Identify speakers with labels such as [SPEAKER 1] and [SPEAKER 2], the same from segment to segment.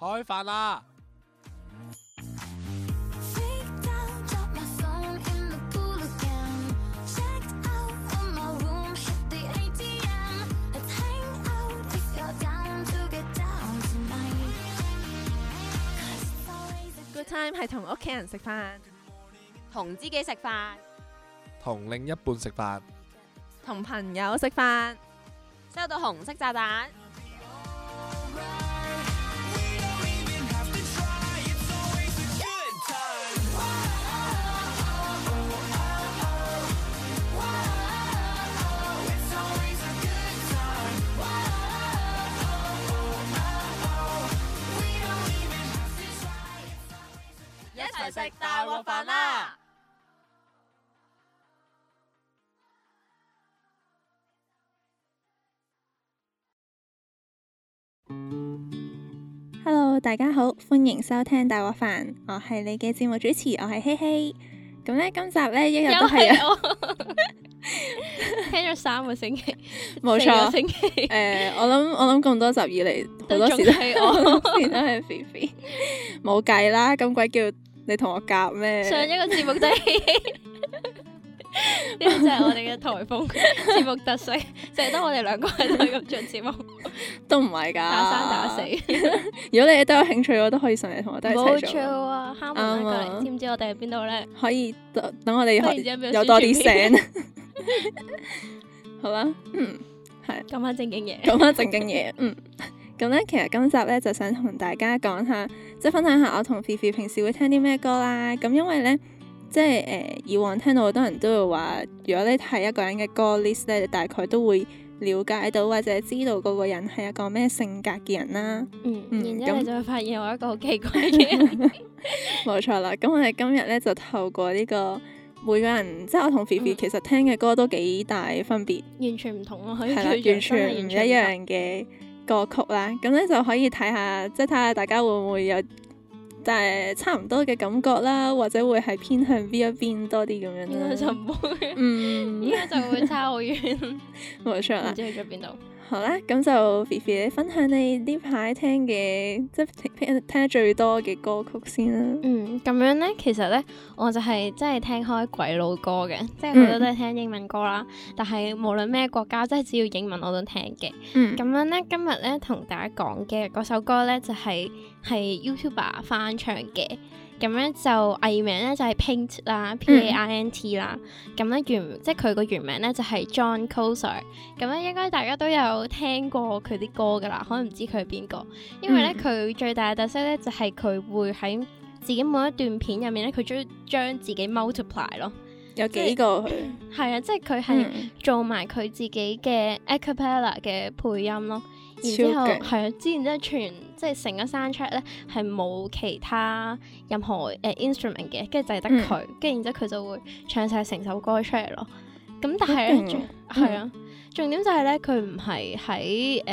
[SPEAKER 1] 開飯啦
[SPEAKER 2] ！Good time
[SPEAKER 3] 係同屋企人食飯，同知己食飯，
[SPEAKER 4] 同另一半食飯，
[SPEAKER 3] 同朋友食飯，
[SPEAKER 5] 收到紅色炸彈。
[SPEAKER 3] 食大鑊飯啦！Hello，大家好，歡迎收聽大鑊飯，我係你嘅節目主持，我係希希。咁咧，今集咧一日都係，聽咗三個星期，冇錯，星期誒，我諗我諗咁多集以嚟，好多時都係我，變咗係肥肥，冇計啦，咁鬼叫。你同我夾咩？上一個節目就係呢個就係我
[SPEAKER 5] 哋嘅台風節目特色，就係得我哋兩個人喺度咁做節目，
[SPEAKER 3] 都唔係噶打生打死。如果你哋都有興趣，我都可以上嚟同我哋一齊做。冇
[SPEAKER 5] 錯啊，啱啊。知唔知我哋喺邊度咧？
[SPEAKER 3] 可以等我哋有多啲聲。
[SPEAKER 5] 好啦，嗯，係講翻正經嘢，講
[SPEAKER 3] 翻正經嘢，嗯。咁咧，其實今集咧就想同大家講下，即係分享下我同肥肥平時會聽啲咩歌啦。咁因為咧，即係誒、呃、以往聽到好多人都會話，如果你睇一個人嘅歌 list 咧，大概都會了解到或者知道嗰個人係一個咩性格嘅人啦。嗯，嗯然之
[SPEAKER 5] 後那就會發現我一個好奇怪嘅人，
[SPEAKER 3] 冇錯 啦，咁我哋今日咧就透過呢、這個每個人，即係我同肥肥其實聽嘅歌都幾大分別，完
[SPEAKER 5] 全唔同咯，係啦，完全唔一樣
[SPEAKER 3] 嘅。歌曲啦，咁咧就可以睇下，即係睇下大家會唔會有係差唔多嘅感覺啦，或者會係偏向邊一邊多啲咁樣，咧？應該就唔會嗯，而
[SPEAKER 2] 家就會差好遠，
[SPEAKER 3] 冇錯 啦，唔知去咗邊度。好啦，咁就肥肥，你分享你呢排聽嘅，即係聽得最多嘅歌曲先啦。嗯，咁樣呢，其實呢，我就
[SPEAKER 5] 係、是、真係聽開鬼佬歌嘅，即係好多都係聽英文歌啦。嗯、但係無論咩國家，即係只要英文我都聽嘅。嗯，咁樣呢，今日呢，同大家講嘅嗰首歌呢，就係、是、係 YouTuber 翻唱嘅。咁咧就藝名咧就係、是、Paint 啦，P A I N T 啦。咁咧、嗯嗯、原即係佢個原名咧就係、是、John Coulter。咁咧、嗯、應該大家都有聽過佢啲歌噶啦，可能唔知佢係邊個？因為咧佢、嗯、最大嘅特色咧就係、是、佢會喺自己每一段片入面咧，佢將將自己 multiply 咯。有幾個佢？係啊， 即係佢係做埋佢自己嘅 acapella 嘅配音咯。然之後係級啊，之前即係全即係成個 soundtrack 咧，係冇其他任何誒 instrument 嘅，跟、呃、住就係得佢，跟住、嗯、然之後佢就會唱晒成首歌出嚟咯。咁但係咧係啊，嗯、重點就係咧，佢唔係喺誒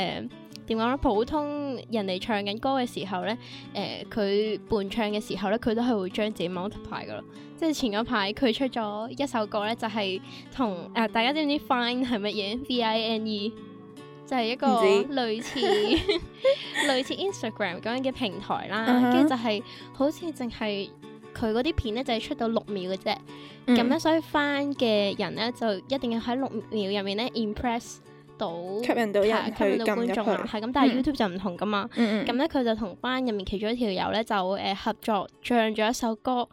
[SPEAKER 5] 點講咧，普通人哋唱緊歌嘅時候咧，誒佢伴唱嘅時候咧，佢都係會將自己 multiply 嘅咯。即係前嗰排佢出咗一首歌咧，就係同誒大家知唔知 vine 係乜嘢？V I N E。就係一個類似知類似， 似 Instagram 咁樣嘅平台啦，跟住、uh huh. 就係、是、好似淨係佢嗰啲片咧，就係、是、出到六秒嘅啫。咁咧、嗯，所以翻嘅人咧就一定要喺六秒入面咧 impress 到吸引到人吸引到，到觀眾，係咁。但係 YouTube 就唔同噶嘛，咁咧佢就同班入面其中一條友咧就誒合作唱咗一首歌。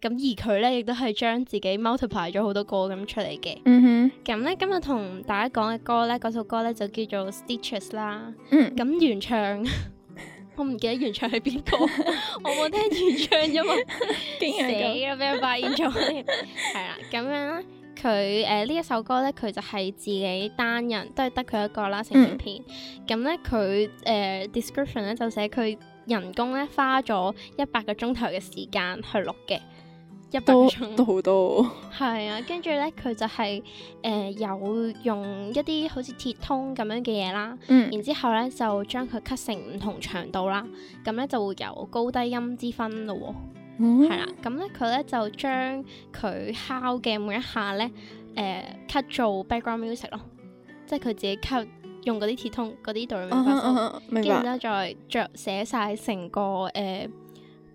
[SPEAKER 5] 咁而佢咧，亦都係將自己 multiply 咗好多歌咁出嚟嘅。咁咧、嗯哼，今日同大家講嘅歌咧，嗰首歌咧就叫做《Stitches》啦。咁、嗯、原唱 我唔記得原唱係邊個， 我冇聽原唱啫嘛，竟然死啦！俾人發現咗，係 啦。 咁樣咧，佢誒呢一首歌咧，佢就係自己單人都係得佢一個啦，成片。咁咧、嗯，佢誒 description 咧就寫佢人工咧花咗一百個鐘頭嘅時間去錄嘅。一多都好
[SPEAKER 3] 多，
[SPEAKER 5] 係啊、 嗯，跟住咧佢就係、是、誒、呃、有用一啲好似鐵通咁樣嘅嘢啦，嗯、然之後咧就將佢 cut 成唔同長度啦，咁咧就會有高低音之分咯，
[SPEAKER 2] 係啦，
[SPEAKER 5] 咁咧佢咧就將佢敲嘅每一下咧誒 cut 做 background music 咯，即係佢自己 cut 用嗰啲鐵通嗰啲哆唻咪發嗦，跟住咧再著寫晒成個誒。呃呃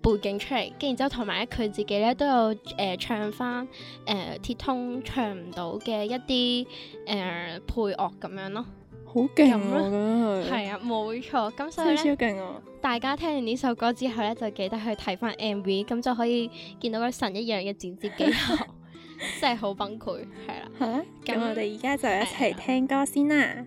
[SPEAKER 5] 背景出嚟，跟然之後同埋咧，佢自己咧都有誒唱翻誒鐵通唱唔到嘅一啲誒配樂咁樣咯，好勁啊！咁樣係係啊，冇錯。咁所以咧，大家聽完呢首歌之後咧，就記得去睇翻 MV，咁就可以見到個神一樣嘅剪接技巧，真係好崩潰。係啦，
[SPEAKER 3] 咁我哋而家就一齊聽歌先啦。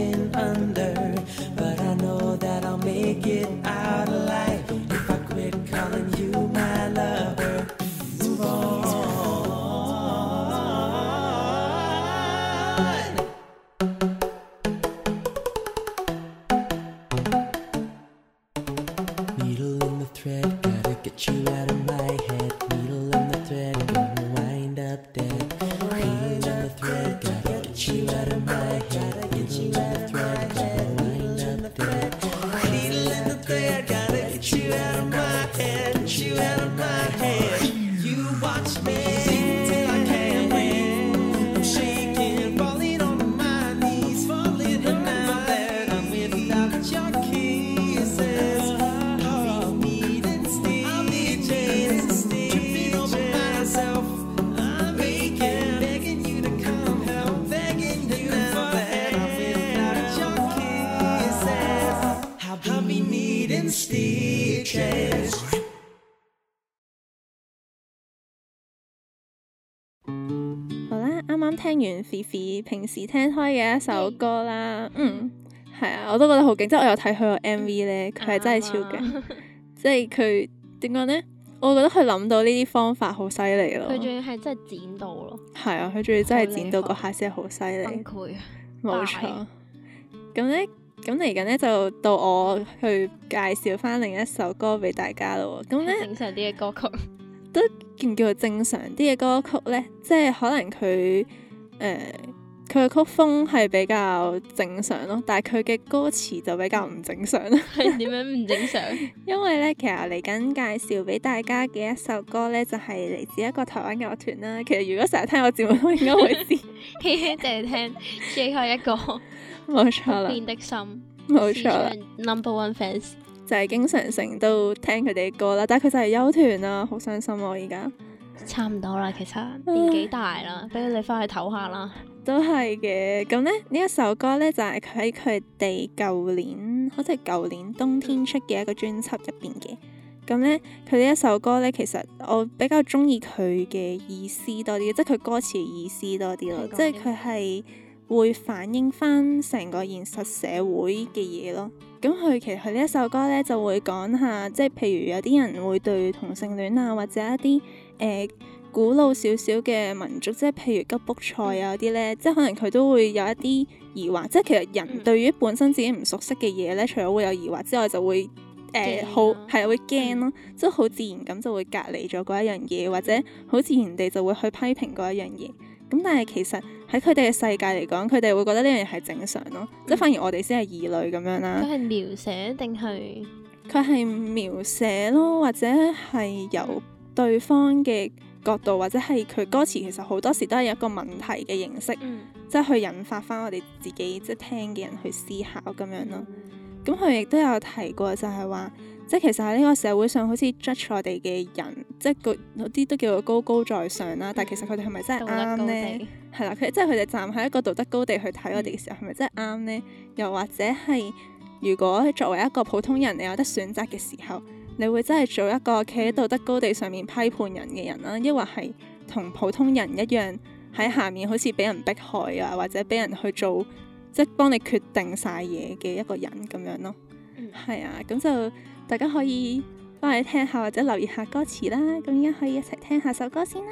[SPEAKER 3] 平時聽開嘅一首歌啦，Hey. 嗯，係啊，我都覺得好勁。即係我有睇佢個 MV 咧，佢係真係超勁。
[SPEAKER 2] Huh.
[SPEAKER 3] 即係佢點講呢？我覺得佢諗到呢啲方法好犀利咯。佢仲
[SPEAKER 5] 要係真係剪到咯，
[SPEAKER 3] 係啊，佢仲要真係剪到個黑色好犀利，崩潰，冇錯。咁錯 Bye. 呢，咁嚟緊呢，就到我去介紹翻另一首歌俾大家咯。咁呢，正常啲嘅歌曲都叫唔叫做正常啲嘅歌曲呢？即係可能佢。誒，佢嘅、呃、曲風係比較正常咯，但係佢嘅歌詞就比較唔正常啦。
[SPEAKER 5] 係點樣唔正常？
[SPEAKER 3] 因為咧，其實嚟緊介紹俾大家嘅一首歌咧，就係、是、嚟自一個台灣嘅樂團啦。其實如果成日聽我節目都應該會知， 聽就
[SPEAKER 5] 係聽最後一個，
[SPEAKER 3] 冇 錯 啦。不變的心，冇錯 Number one fans 就係、是、經常成都聽佢哋嘅歌啦，但係佢就係休團啦，好傷心啊，而家。差唔多啦，其實年紀大啦，俾、嗯、你翻去唞下啦，都係嘅。咁咧呢一首歌咧就係佢喺佢哋舊年，好似係舊年冬天出嘅一個專輯入邊嘅。咁咧佢呢一首歌咧，其實我比較中意佢嘅意思多啲，即係佢歌詞意思多啲咯。即係佢係會反映翻成個現實社會嘅嘢咯。咁佢其實佢呢一首歌咧就會講下，即係譬如有啲人會對同性戀啊或者一啲。誒、呃、古老少少嘅民族，即係譬如吉卜賽啊啲呢，嗯、即係可能佢都會有一啲疑惑，嗯、即係其實人對於本身自己唔熟悉嘅嘢呢，除咗會有疑惑之外，就會誒、呃、怕好係會驚咯，嗯、即係好自然咁就會隔離咗嗰一樣嘢，或者好自然地就會去批評嗰一樣嘢。咁但係其實喺佢哋嘅世界嚟講，佢哋會覺得呢樣嘢係正常咯，嗯、即係反而我哋先係異類咁樣啦。佢係描寫定係？佢係描寫咯，或者係由、嗯。對方嘅角度，或者係佢歌詞，其實好多時都係一個問題嘅形式，嗯、即係去引發翻我哋自己即係聽嘅人去思考咁樣咯。咁佢亦都有提過就，就係話即係其實喺呢個社會上，好似 judge 我哋嘅人，即係嗰啲都叫做高高在上啦。嗯、但係其實佢哋係咪真係啱呢？係啦，佢即係佢哋站喺一個道德高地去睇我哋嘅時候，係咪、嗯、真係啱呢？又或者係如果作為一個普通人，你有得選擇嘅時候，你會真係做一個企喺道德高地上面批判人嘅人啦，抑或係同普通人一樣喺下面，好似俾人逼害啊，或者俾人去做即係幫你決定晒嘢嘅一個人咁樣咯。嗯，係啊，咁就大家可以幫你聽下或者留意下歌詞啦。咁而家可以一齊聽下首歌先啦。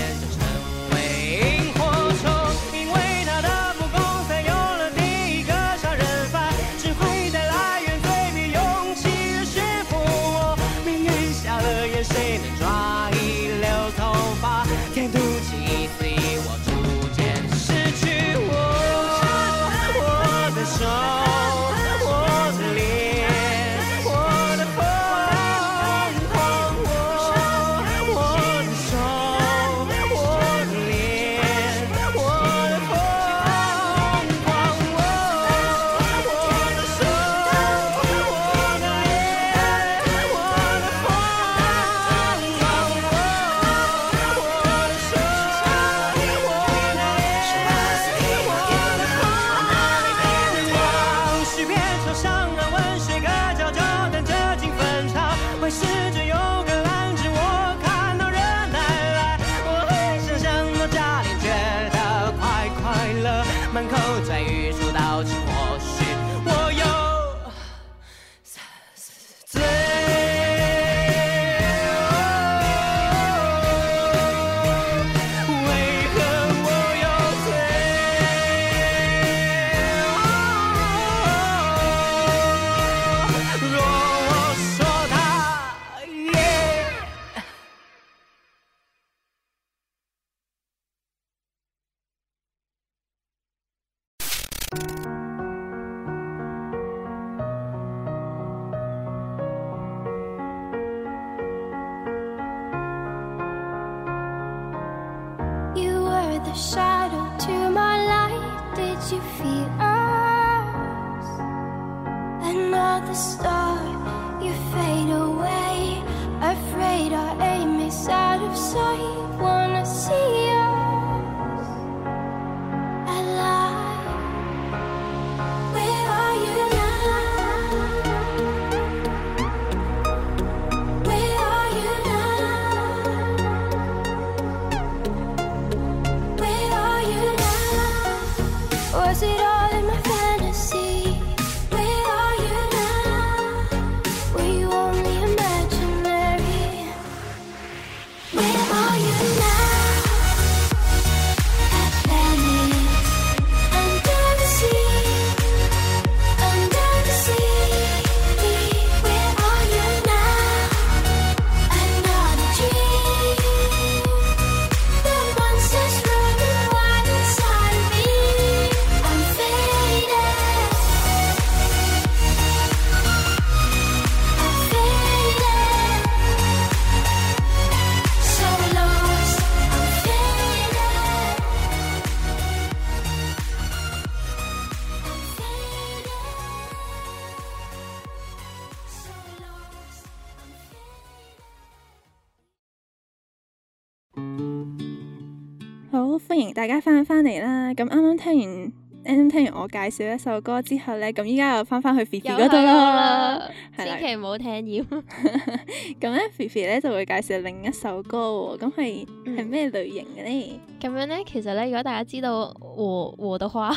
[SPEAKER 3] 好歡迎大家翻翻嚟啦！咁啱啱聽完 Am 聽完我介紹一首歌之後呢，咁依家又翻翻去 Fifi 嗰度啦，啦千祈
[SPEAKER 5] 唔好聽厭。
[SPEAKER 3] 咁、 嗯、呢，Fifi 呢就會介紹另一首歌喎、哦，咁係係咩類型嘅呢？嗯咁樣咧，其實咧，如果大家知道和
[SPEAKER 5] 和嘅話，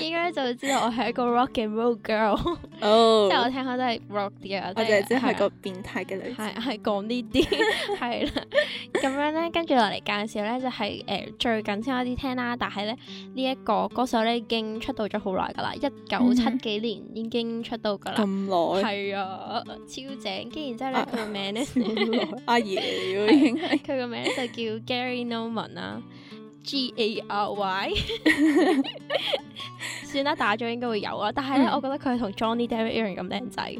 [SPEAKER 5] 應該就知道我係一個 rock and roll girl。即係我聽開都係 rock 嘅。我哋淨係知係個變態嘅女。係係講呢啲係啦。咁樣咧，跟住落嚟介紹咧，就係誒最近先開始聽啦。但係咧，呢一個歌手咧已經出道咗好耐㗎啦。一九七幾年已經出道㗎啦。咁耐係啊，超正。跟住之後咧佢個名咧，阿爺佢個名咧就叫 Gary Numan 啊。Gary 算啦，打咗應該會有啊，但係咧，嗯、我覺得佢係同 Johnny David 一樣咁靚仔，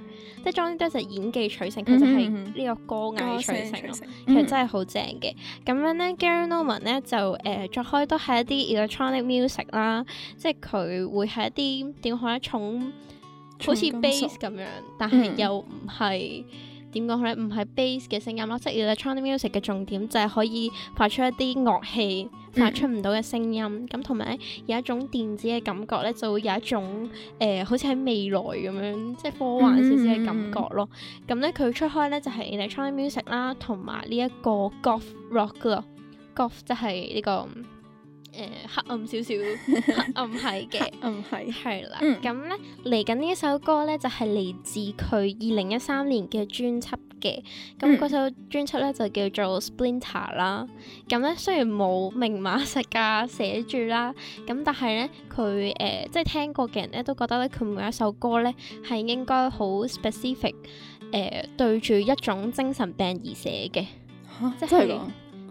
[SPEAKER 5] 即、就、係、是、Johnny David 演技取勝，佢、嗯嗯嗯、就係呢個歌藝取勝，取勝其實真係好正嘅咁樣咧。Gary Norman 咧就誒、呃、作開都係一啲 Electronic Music 啦，即係佢會係一啲點講一種好似 bass 咁、嗯、樣，但係又唔係點講咧，唔係 bass 嘅聲音咯。即係 Electronic Music 嘅重點就係、是、可以發出一啲樂器。就是發出唔到嘅聲音，咁同埋咧有一種電子嘅感覺咧，就會有一種誒、呃、好似喺未來咁樣，即係科幻少少嘅感覺咯。咁咧佢出開咧就係 Electronic Music 啦，同埋呢一個 Goth Rock 咯 Goth 即係呢個誒黑暗少少、黑暗係嘅，嗯係係啦。咁咧嚟緊呢一首歌咧就係、是、嚟自佢二零一三年嘅專輯。嘅咁嗰首專輯咧就叫做 Splinter 啦，咁咧雖然冇明碼實價寫住啦，咁但係咧佢誒即係聽過嘅人咧都覺得咧佢每一首歌咧係應該好 specific 誒、呃、對住一種精神病而寫嘅，即真係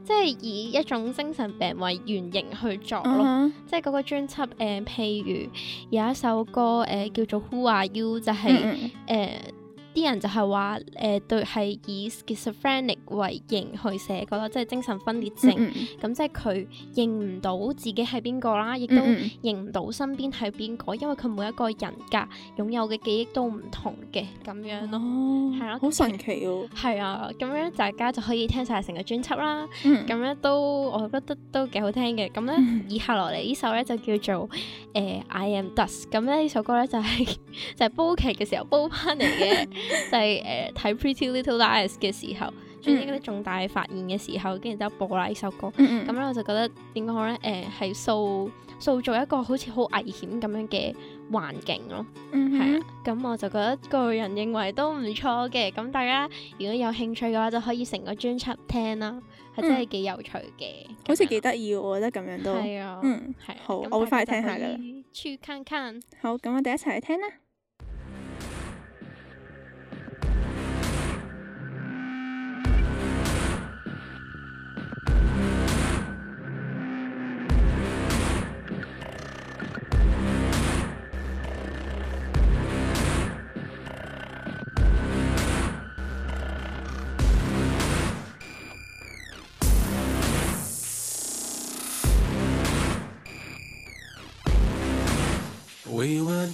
[SPEAKER 5] 即係以一種精神病為原型去作咯，uh huh. 即係嗰個專輯、呃、譬如有一首歌誒、呃、叫做 Who Are You 就係、是、誒。嗯嗯啲人就係話誒對係以 schizophrenic 為型去寫個咯，即係精神分裂症咁，即係佢認唔到自己係邊個啦，亦都認唔到身邊係邊個，嗯嗯，因為佢每一個人格擁有嘅記憶都唔同嘅咁樣咯、哦，係咯、啊，好神奇喎，係啊，咁樣，樣大家就可以聽晒成個專輯啦，咁、嗯、樣都我覺得都幾好聽嘅，咁咧、嗯、以下落嚟呢首咧就叫做誒、呃、I Am Dust，咁咧呢首歌咧就係、是、 就係煲劇嘅時候煲翻嚟嘅。就係誒睇 Pretty Little Lies 嘅時候，專登啲重大嘅發現嘅時候，跟住就播啦呢首歌，咁咧我就覺得點講好咧？誒，係塑塑造一個好似好危險咁樣嘅環境咯，係啊。咁我就覺得個人認為都唔錯嘅。咁大家如果有興趣嘅話，就可以成個專輯聽啦，
[SPEAKER 3] 係真係幾有趣嘅。好似幾得意，我覺得咁樣都係啊。嗯，係好，我會快聽下噶啦。
[SPEAKER 5] 去看看。
[SPEAKER 3] 好，咁我哋一齊去聽啦。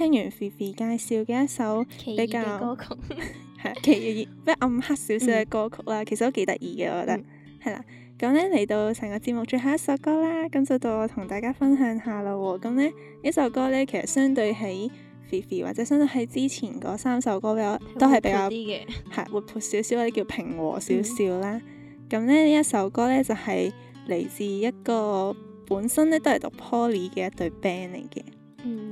[SPEAKER 3] 聽完肥肥介紹嘅一首比較奇異歌曲，係奇異咩暗黑少少嘅歌曲啦，嗯、其實都幾得意嘅，我覺得係、嗯、啦。咁咧嚟到成個節目最後一首歌啦，咁就到我同大家分享下啦。咁咧呢首歌咧，其實相對起肥肥或者相對起之前嗰三首歌比較都係比較啲嘅係活潑少少或者叫平和少少啦。咁咧、嗯、呢一首歌咧就係、是、嚟自一個本身咧都係讀 poly 嘅一隊 band 嚟嘅。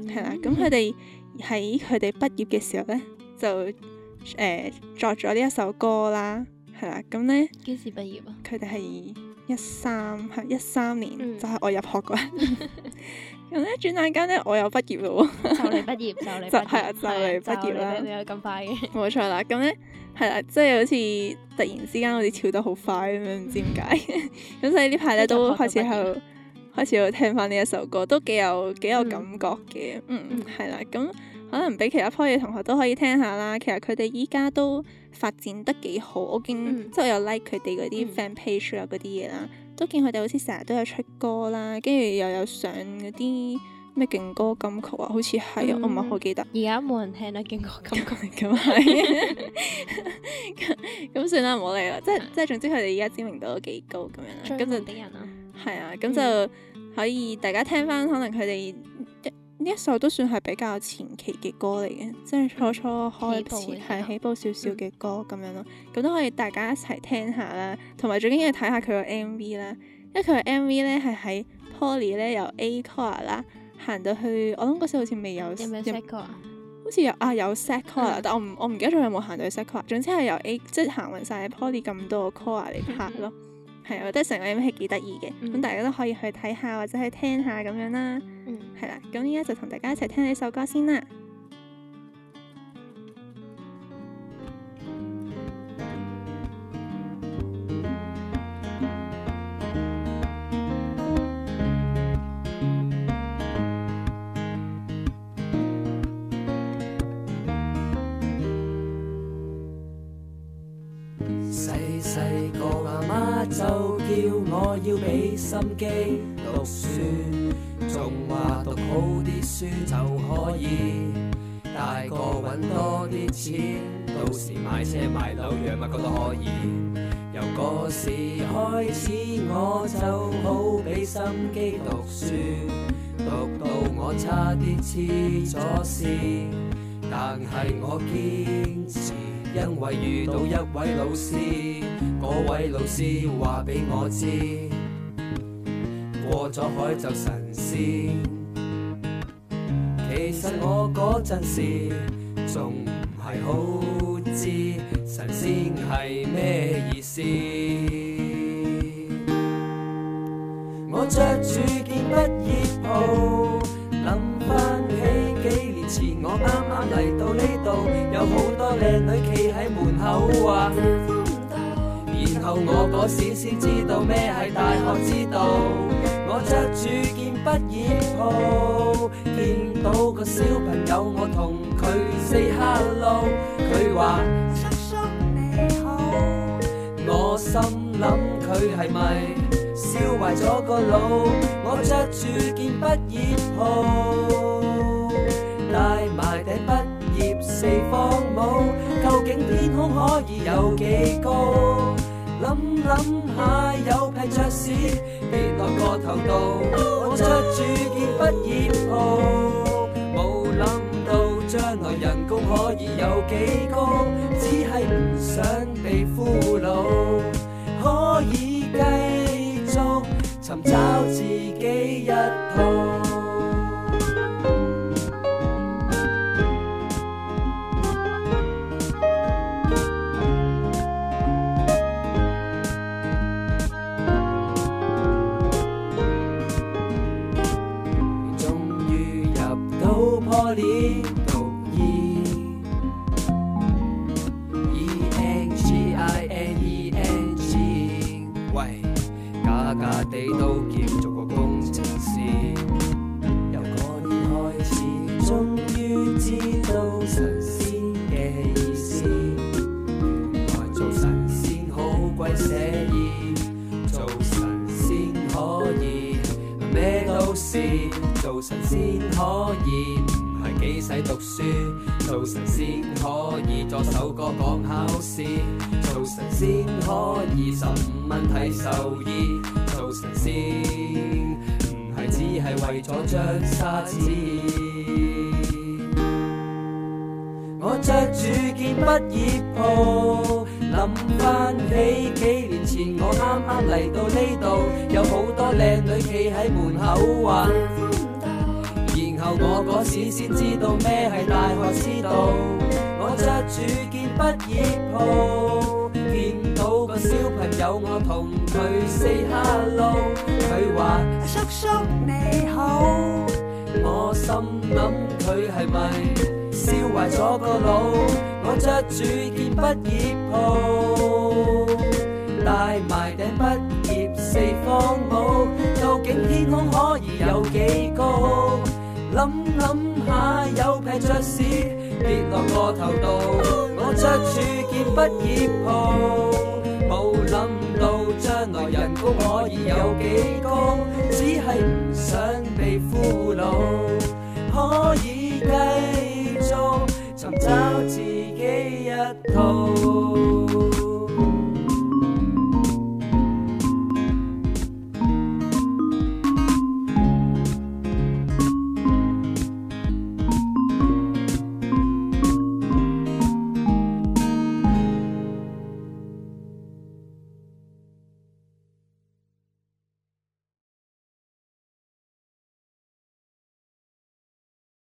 [SPEAKER 3] 係啦，咁佢哋喺佢哋畢業嘅時候咧，就誒、呃、作咗呢一首歌啦，係啦，咁咧。幾時畢業啊？佢哋係一三，係一三年，嗯、就係我入學嗰日。咁咧， 轉眼間咧，我又畢業嘞。 就嚟畢業，就嚟， 就係啊，就嚟畢業 啦。咁快嘅？冇錯啦，咁咧係啦，即係好似突然之間好似跳得好快咁樣，唔知點解。咁所以呢排咧都開始後悔悔。 開始要聽翻呢一首歌，都幾有幾有感覺嘅，嗯，係啦。咁可能俾其他科嘅同學都可以聽下啦。其實佢哋依家都發展得幾好，我見即係我有 like 佢哋嗰啲 fan page 啊嗰啲嘢啦，都見佢哋好似成日都有出歌啦，跟住又有上嗰啲咩勁歌金曲啊，好似係啊，我唔係好記得。而家冇人聽啦，勁歌金曲咁係，咁算啦，唔好理啦。即係即係總之佢哋而家知名度都幾高咁樣啦。咁就啲人啊，係啊，咁就。可以大家聽翻，可能佢哋呢一首都算係比較前期嘅歌嚟嘅，即係初初開始係起步少少嘅歌咁、嗯、樣咯。咁都、嗯、可以大家一齊聽下啦，同埋最緊要睇下佢個 M V 啦。因為佢個 M V 咧係喺 Poly 咧由 A core 啦行到去，我諗嗰時好似未有 set core 好似有啊有 set core 但我唔我唔記得仲有冇行到去 set core 總之係由 A 即係行匀晒喺 Poly 咁多 core 嚟拍咯、嗯。嗯係啊，都我覺得成個 MV 係幾得意嘅，咁、嗯、大家都可以去睇下或者去聽下咁樣啦，係、嗯、啦，咁而家就同大家一齊聽呢首歌先啦。
[SPEAKER 4] 心機讀書，仲話讀好啲書就可以大個搵多啲錢，到時買車買樓樣乜嘢都可以。由嗰時開始，我就好俾心機讀書，讀到我差啲痴咗線，但係我堅持，因為遇到一位老師，嗰位老師話俾我知。過咗海就神仙，其實我嗰陣時仲唔係好知神仙係咩意思。 我着住件畢業袍，諗翻起幾年前我啱啱嚟到呢度，有好多靚女企喺門口啊， 然後我嗰時先知道咩係大學之道。我着住件畢業袍，見到個小朋友，我同佢 say hello，佢話叔叔你好，我心諗佢係咪燒壞咗個腦？我着住件畢業袍，戴埋頂畢業四方帽，究竟天空可以有幾高？諗諗下，有批雀屎跌落個頭度，我着住件畢業袍，冇諗到將來人工可以有幾高，只係唔想被俘虜，可以繼續尋找自己一套。地都叫做個工程師，由嗰年開始，終於知道神仙嘅意思。原來做
[SPEAKER 2] 神仙
[SPEAKER 4] 好鬼寫意，做神仙可以咩都是，做神仙可以唔係幾使讀書，做神仙可以作首歌講考試，做神仙可以十五蚊睇獸醫。神仙唔係只係為咗張沙紙，我着住件畢業袍，諗翻起幾年前我啱啱嚟到呢度，有好多靚女企喺門口玩，然後我嗰時先知道咩係大學之道，我着住件畢業袍。小朋友，我同佢 say hello，佢話叔叔你好。我心諗佢係咪燒壞咗個腦？我着住件畢業袍，戴埋頂畢業四方帽。究竟天空可以有幾高？諗諗下有劈雀屎跌落個頭度。我着住件畢業袍。將來人工可以有幾高？只係唔想被俘虜，可以繼續尋找自己一套。